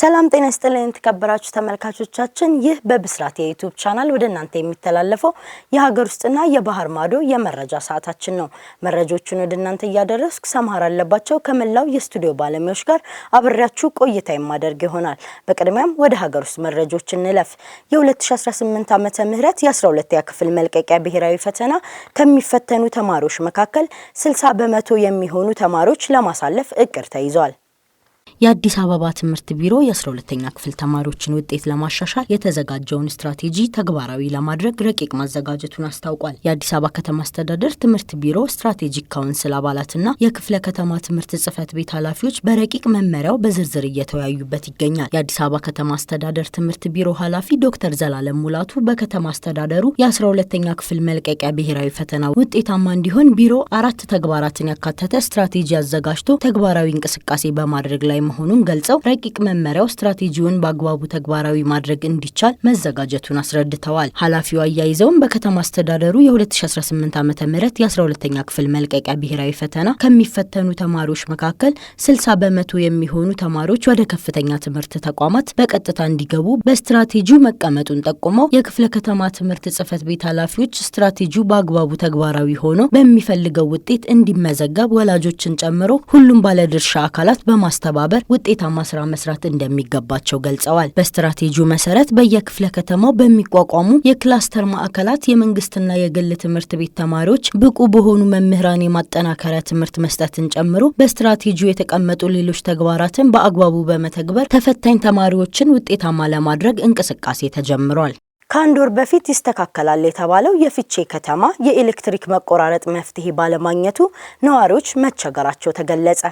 ሰላም ጤና ስጥልን የተከበራችሁ ተመልካቾቻችን፣ ይህ በብስራት የዩቲዩብ ቻናል ወደ እናንተ የሚተላለፈው የሀገር ውስጥና የባህር ማዶ የመረጃ ሰዓታችን ነው። መረጃዎቹን ወደ እናንተ እያደረስኩ ሰማር አለባቸው ከመላው የስቱዲዮ ባለሙያዎች ጋር አብሬያችሁ ቆይታ የማደርግ ይሆናል። በቅድሚያም ወደ ሀገር ውስጥ መረጃዎች እንለፍ። የ2018 ዓመተ ምህረት የ12ኛ ክፍል መልቀቂያ ብሔራዊ ፈተና ከሚፈተኑ ተማሪዎች መካከል 60 በመቶ የሚሆኑ ተማሪዎች ለማሳለፍ እቅድ ተይዟል። የአዲስ አበባ ትምህርት ቢሮ የአስራ ሁለተኛ ክፍል ተማሪዎችን ውጤት ለማሻሻል የተዘጋጀውን ስትራቴጂ ተግባራዊ ለማድረግ ረቂቅ ማዘጋጀቱን አስታውቋል። የአዲስ አበባ ከተማ አስተዳደር ትምህርት ቢሮ ስትራቴጂክ ካውንስል አባላትና የክፍለ ከተማ ትምህርት ጽህፈት ቤት ኃላፊዎች በረቂቅ መመሪያው በዝርዝር እየተወያዩበት ይገኛል። የአዲስ አበባ ከተማ አስተዳደር ትምህርት ቢሮ ኃላፊ ዶክተር ዘላለም ሙላቱ በከተማ አስተዳደሩ የ የ12ተኛ ክፍል መልቀቂያ ብሔራዊ ፈተና ውጤታማ እንዲሆን ቢሮ አራት ተግባራትን ያካተተ ስትራቴጂ አዘጋጅቶ ተግባራዊ እንቅስቃሴ በማድረግ ላይ መሆኑን ገልጸው ረቂቅ መመሪያው ስትራቴጂውን በአግባቡ ተግባራዊ ማድረግ እንዲቻል መዘጋጀቱን አስረድተዋል። ኃላፊው አያይዘውም በከተማ አስተዳደሩ የ2018 ዓ ም የ12ተኛ ክፍል መልቀቂያ ብሔራዊ ፈተና ከሚፈተኑ ተማሪዎች መካከል 60 በመቶ የሚሆኑ ተማሪዎች ወደ ከፍተኛ ትምህርት ተቋማት በቀጥታ እንዲገቡ በስትራቴጂው መቀመጡን ጠቁመው የክፍለ ከተማ ትምህርት ጽህፈት ቤት ኃላፊዎች ስትራቴጂው በአግባቡ ተግባራዊ ሆኖ በሚፈልገው ውጤት እንዲመዘገብ ወላጆችን ጨምሮ ሁሉም ባለድርሻ አካላት በማስተባ በመተባበር ውጤታማ ስራ መስራት እንደሚገባቸው ገልጸዋል። በስትራቴጂው መሰረት በየክፍለ ከተማው በሚቋቋሙ የክላስተር ማዕከላት የመንግስትና የግል ትምህርት ቤት ተማሪዎች ብቁ በሆኑ መምህራን የማጠናከሪያ ትምህርት መስጠትን ጨምሮ በስትራቴጂው የተቀመጡ ሌሎች ተግባራትን በአግባቡ በመተግበር ተፈታኝ ተማሪዎችን ውጤታማ ለማድረግ እንቅስቃሴ ተጀምሯል። ከአንድ ወር በፊት ይስተካከላል የተባለው የፍቼ ከተማ የኤሌክትሪክ መቆራረጥ መፍትሄ ባለማግኘቱ ነዋሪዎች መቸገራቸው ተገለጸ።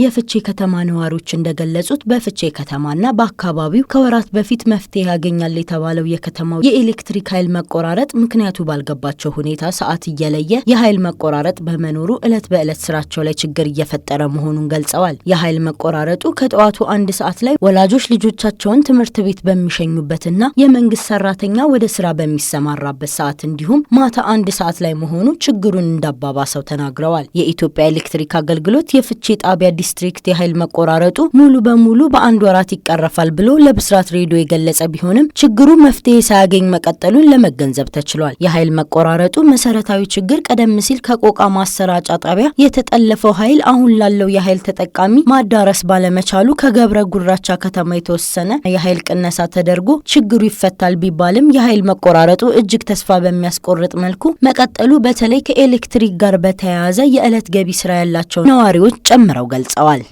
የፍቼ ከተማ ነዋሪዎች እንደገለጹት በፍቼ ከተማና በአካባቢው ከወራት በፊት መፍትሄ ያገኛል የተባለው የከተማው የኤሌክትሪክ ኃይል መቆራረጥ ምክንያቱ ባልገባቸው ሁኔታ ሰዓት እየለየ የኃይል መቆራረጥ በመኖሩ ዕለት በዕለት ስራቸው ላይ ችግር እየፈጠረ መሆኑን ገልጸዋል። የኃይል መቆራረጡ ከጠዋቱ አንድ ሰዓት ላይ ወላጆች ልጆቻቸውን ትምህርት ቤት በሚሸኙበትና የመንግስት ሰራተኛ ወደ ስራ በሚሰማራበት ሰዓት እንዲሁም ማታ አንድ ሰዓት ላይ መሆኑ ችግሩን እንዳባባሰው ተናግረዋል። የኢትዮጵያ ኤሌክትሪክ አገልግሎት የፍቼ ጣቢያ ዲስትሪክት የኃይል መቆራረጡ ሙሉ በሙሉ በአንድ ወራት ይቀረፋል ብሎ ለብስራት ሬዲዮ የገለጸ ቢሆንም ችግሩ መፍትሄ ሳያገኝ መቀጠሉን ለመገንዘብ ተችሏል። የኃይል መቆራረጡ መሰረታዊ ችግር ቀደም ሲል ከቆቃ ማሰራጫ ጣቢያ የተጠለፈው ኃይል አሁን ላለው የኃይል ተጠቃሚ ማዳረስ ባለመቻሉ ከገብረ ጉራቻ ከተማ የተወሰነ የኃይል ቅነሳ ተደርጎ ችግሩ ይፈታል ቢባልም የኃይል መቆራረጡ እጅግ ተስፋ በሚያስቆርጥ መልኩ መቀጠሉ በተለይ ከኤሌክትሪክ ጋር በተያያዘ የዕለት ገቢ ስራ ያላቸው ነዋሪዎች ጨምረው ገልጸዋል። ገልጸዋል።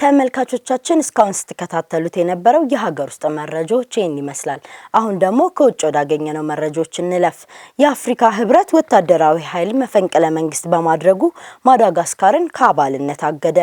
ተመልካቾቻችን እስካሁን ስትከታተሉት የነበረው የሀገር ውስጥ መረጃዎች ይህን ይመስላል። አሁን ደግሞ ከውጭ ወዳገኘነው መረጃዎች እንለፍ። የአፍሪካ ህብረት ወታደራዊ ኃይል መፈንቅለ መንግስት በማድረጉ ማዳጋስካርን ከአባልነት አገደ።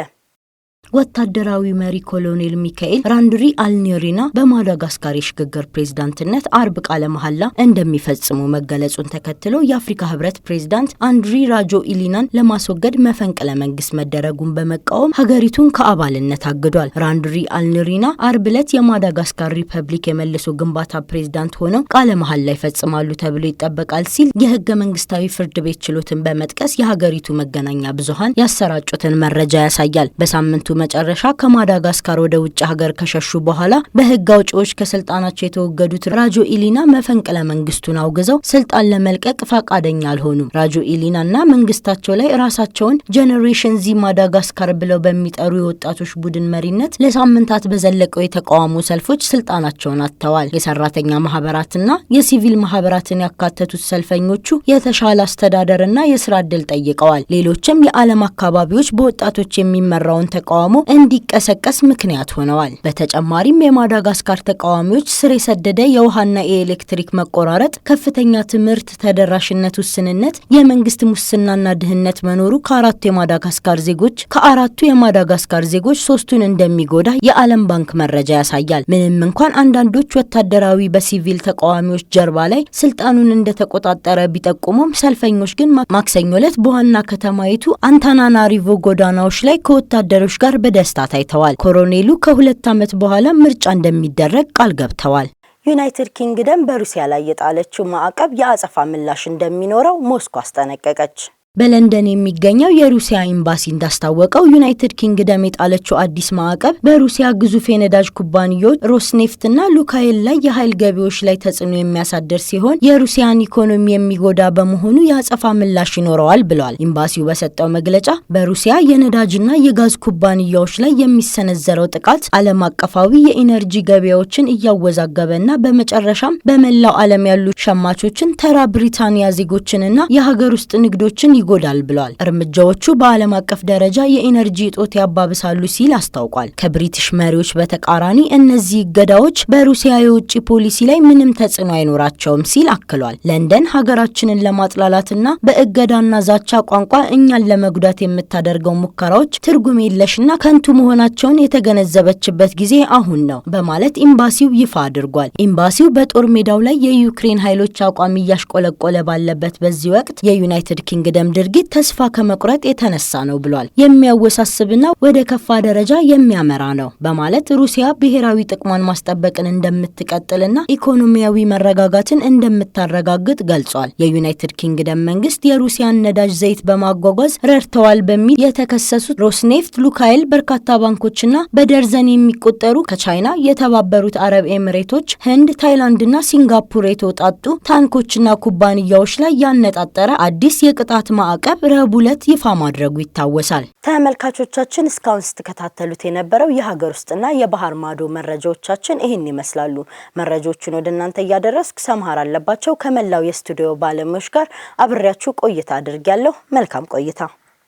ወታደራዊ መሪ ኮሎኔል ሚካኤል ራንድሪ አልኒሪና በማዳጋስካር የሽግግር ፕሬዝዳንትነት አርብ ቃለ መሐላ እንደሚፈጽሙ መገለጹን ተከትሎ የአፍሪካ ህብረት ፕሬዝዳንት አንድሪ ራጆ ኢሊናን ለማስወገድ መፈንቅለ መንግስት መደረጉን በመቃወም ሀገሪቱን ከአባልነት አግዷል። ራንድሪ አልኒሪና አርብ ዕለት የማዳጋስካር ሪፐብሊክ የመልሶ ግንባታ ፕሬዝዳንት ሆነው ቃለ መሐላ ይፈጽማሉ ተብሎ ይጠበቃል ሲል የህገ መንግስታዊ ፍርድ ቤት ችሎትን በመጥቀስ የሀገሪቱ መገናኛ ብዙሀን ያሰራጩትን መረጃ ያሳያል። በሳምንቱ መጨረሻ ከማዳጋስካር ወደ ውጭ ሀገር ከሸሹ በኋላ በህግ አውጪዎች ከስልጣናቸው የተወገዱት ራጆ ኢሊና መፈንቅለ መንግስቱን አውግዘው ስልጣን ለመልቀቅ ፈቃደኛ አልሆኑም። ራጆ ኢሊና እና መንግስታቸው ላይ ራሳቸውን ጀኔሬሽን ዚ ማዳጋስካር ብለው በሚጠሩ የወጣቶች ቡድን መሪነት ለሳምንታት በዘለቀው የተቃውሞ ሰልፎች ስልጣናቸውን አጥተዋል። የሰራተኛ ማህበራትና የሲቪል ማህበራትን ያካተቱት ሰልፈኞቹ የተሻለ አስተዳደርና የስራ እድል ጠይቀዋል። ሌሎችም የዓለም አካባቢዎች በወጣቶች የሚመራውን ተቃውሞ ተቃውሞ እንዲቀሰቀስ ምክንያት ሆነዋል። በተጨማሪም የማዳጋስካር ተቃዋሚዎች ስር የሰደደ የውሃና የኤሌክትሪክ መቆራረጥ፣ ከፍተኛ ትምህርት ተደራሽነት ውስንነት፣ የመንግስት ሙስናና ድህነት መኖሩ ከአራቱ የማዳጋስካር ዜጎች ከአራቱ የማዳጋስካር ዜጎች ሶስቱን እንደሚጎዳ የዓለም ባንክ መረጃ ያሳያል። ምንም እንኳን አንዳንዶች ወታደራዊ በሲቪል ተቃዋሚዎች ጀርባ ላይ ስልጣኑን እንደተቆጣጠረ ቢጠቁሙም ሰልፈኞች ግን ማክሰኞ ዕለት በዋና ከተማይቱ አንታናናሪቮ ጎዳናዎች ላይ ከወታደሮች ጋር በደስታ ታይተዋል። ኮሎኔሉ ከሁለት ዓመት በኋላ ምርጫ እንደሚደረግ ቃል ገብተዋል። ዩናይትድ ኪንግደም በሩሲያ ላይ የጣለችው ማዕቀብ የአጸፋ ምላሽ እንደሚኖረው ሞስኮ አስጠነቀቀች። በለንደን የሚገኘው የሩሲያ ኤምባሲ እንዳስታወቀው ዩናይትድ ኪንግደም የጣለችው አዲስ ማዕቀብ በሩሲያ ግዙፍ የነዳጅ ኩባንያዎች ሮስኔፍት ሉካይል ላይ የኃይል ገቢዎች ላይ ተጽዕኖ የሚያሳድር ሲሆን የሩሲያን ኢኮኖሚ የሚጎዳ በመሆኑ የአጸፋ ምላሽ ይኖረዋል ብለዋል። ኤምባሲው በሰጠው መግለጫ በሩሲያ የነዳጅና የጋዝ ኩባንያዎች ላይ የሚሰነዘረው ጥቃት ዓለም አቀፋዊ የኢነርጂ ገበያዎችን እያወዛገበ እና በመጨረሻም በመላው ዓለም ያሉ ሸማቾችን፣ ተራ ብሪታንያ ዜጎችንና የሀገር ውስጥ ንግዶችን ይጎዳል ብሏል። እርምጃዎቹ በዓለም አቀፍ ደረጃ የኢነርጂ እጦት ያባብሳሉ ሲል አስታውቋል። ከብሪቲሽ መሪዎች በተቃራኒ እነዚህ እገዳዎች በሩሲያ የውጭ ፖሊሲ ላይ ምንም ተጽዕኖ አይኖራቸውም ሲል አክሏል። ለንደን ሀገራችንን ለማጥላላትና በእገዳና ዛቻ ቋንቋ እኛን ለመጉዳት የምታደርገው ሙከራዎች ትርጉም የለሽና ከንቱ መሆናቸውን የተገነዘበችበት ጊዜ አሁን ነው በማለት ኤምባሲው ይፋ አድርጓል። ኤምባሲው በጦር ሜዳው ላይ የዩክሬን ኃይሎች አቋም እያሽቆለቆለ ባለበት በዚህ ወቅት የዩናይትድ ኪንግደም ድርጊት ተስፋ ከመቁረጥ የተነሳ ነው ብሏል። የሚያወሳስብና ወደ ከፋ ደረጃ የሚያመራ ነው በማለት ሩሲያ ብሔራዊ ጥቅሟን ማስጠበቅን እንደምትቀጥልና ኢኮኖሚያዊ መረጋጋትን እንደምታረጋግጥ ገልጿል። የዩናይትድ ኪንግደም መንግስት የሩሲያን ነዳጅ ዘይት በማጓጓዝ ረድተዋል በሚል የተከሰሱት ሮስኔፍት፣ ሉካይል በርካታ ባንኮችና በደርዘን የሚቆጠሩ ከቻይና፣ የተባበሩት አረብ ኤምሬቶች ህንድ፣ ታይላንድና ሲንጋፖር የተውጣጡ ታንኮችና ኩባንያዎች ላይ ያነጣጠረ አዲስ የቅጣት ማዕቀብ ረቡዕ ዕለት ይፋ ማድረጉ ይታወሳል። ተመልካቾቻችን እስካሁን ስትከታተሉት የነበረው የሀገር ውስጥና የባህር ማዶ መረጃዎቻችን ይህን ይመስላሉ። መረጃዎቹን ወደ እናንተ እያደረስኩ ሰምሃር አለባቸው ከመላው የስቱዲዮ ባለሙያዎች ጋር አብሬያችሁ ቆይታ አድርጊያለሁ። መልካም ቆይታ